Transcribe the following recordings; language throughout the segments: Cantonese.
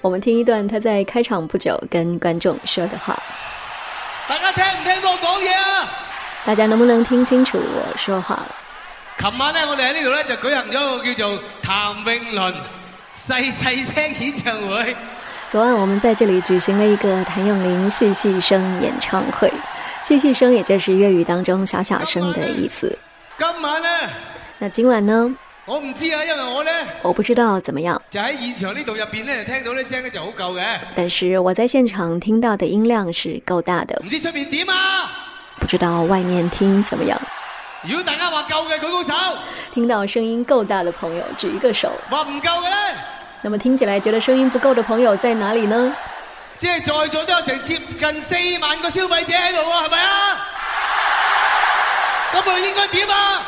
我們聽一段他在開場不久跟觀眾說的話。大家聽唔聽到我講嘢啊？大家能不能聽清楚我說話？琴晚咧，我哋喺呢度咧就舉行咗一個叫做譚詠麟細細聲演唱會。昨晚我們在這裏舉行了一個譚詠麟細細聲演唱會，細細聲也就是粵語當中小小聲的意思。今晚呢，今晚呢？那今晚呢？我唔知啊，因為我咧。我不知道怎麼樣。就喺現場呢度入邊咧，聽到啲聲咧就好夠嘅。但是我在現場聽到的音量是夠大的。唔知出面點啊？不知道外面聽怎麼樣？如果大家話夠嘅，舉高手。聽到聲音夠大嘅朋友，舉一個手。話唔夠嘅咧。那麼聽起來覺得聲音不夠嘅朋友在哪裏呢？即係在座都有成接近四萬個消費者喺度啊，係咪啊？應該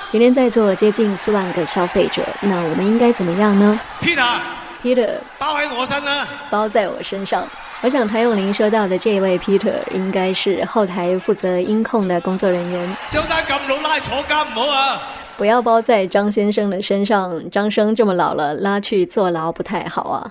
今天在座接近四萬個消費者，那我們應該怎麼樣呢？Peter，Peter Peter, 包喺我身呢，包在我身上。我想譚詠麟說到的這位 Peter 應該是後台負責音控的工作人員。張生咁老拉坐監唔好啊！不要包在張先生的身上，張生這麼老了，拉去坐牢不太好啊。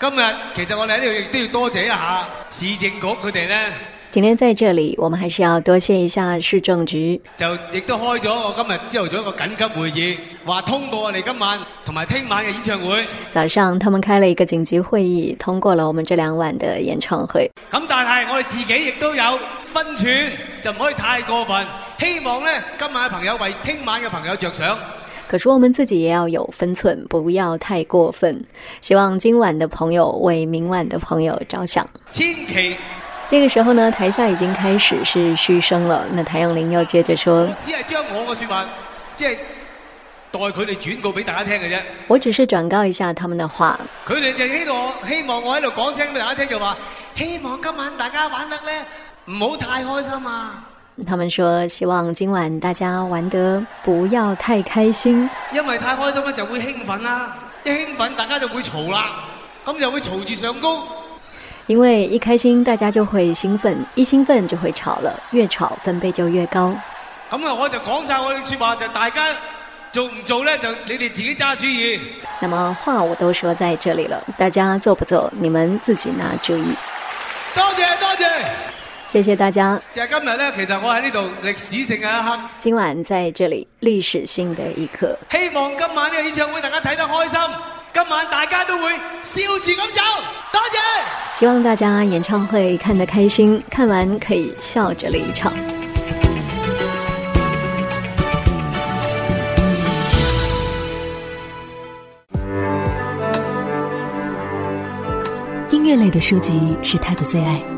今日其實我哋喺呢度亦都要多謝一下市政局佢哋呢，今天在這裏，我們還是要多謝一下市政局。就亦都開咗我今日朝頭早一個緊急會議，話通過我哋今晚同埋聽晚嘅演唱會。早上他們開了一個緊急會議，通過了我們這兩晚的演唱會。咁但係，我哋自己亦都有分寸，就唔可以太過分。希望呢，今晚嘅朋友為聽晚嘅朋友着想。可是我們自己也要有分寸，不要太過分。希望今晚的朋友為明晚的朋友着想。千祈，這個時候呢，台下已經開始是噓聲了。那譚詠麟又接着說：“只係將我嘅說話，即係代佢哋轉告俾大家聽嘅啫。”我只是轉告一下他們的話。佢哋就希望，希望我喺度講聲俾大家聽，就話希望今晚大家玩得咧唔好太開心啊。他們說：“希望今晚大家玩得不要太開心，因為太開心呢就會興奮啦，一興奮大家就會吵啦，咁就會吵住上高。因為一開心大家就會興奮，一興奮就會吵了，越吵分貝就越高。咁啊，我就講晒我哋說話，就大家做唔做呢？就你哋自己揸主意。那麼話我都說在這裏了，大家做不做你們自己拿主意。多謝多謝。”謝謝大家。就係今日咧，其實我喺呢度歷史性嘅一刻。今晚在這裡歷史性嘅一刻。希望今晚呢個演唱會大家睇得開心，今晚大家都會笑住咁走。多謝、謝。希望大家演唱會看得開心，看完可以笑着離場。音樂類的書籍是他的最愛。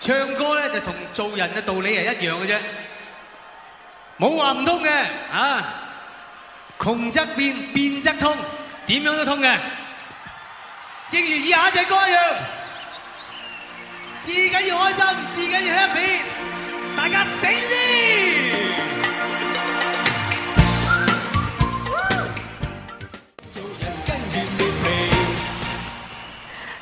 唱歌呢就同做人嘅道理係一樣嘅啫，冇話唔通嘅啊！窮則變，變則通，點樣都通嘅。正如以下隻歌一樣，自己要開心，自己要 happy，大家醒啲。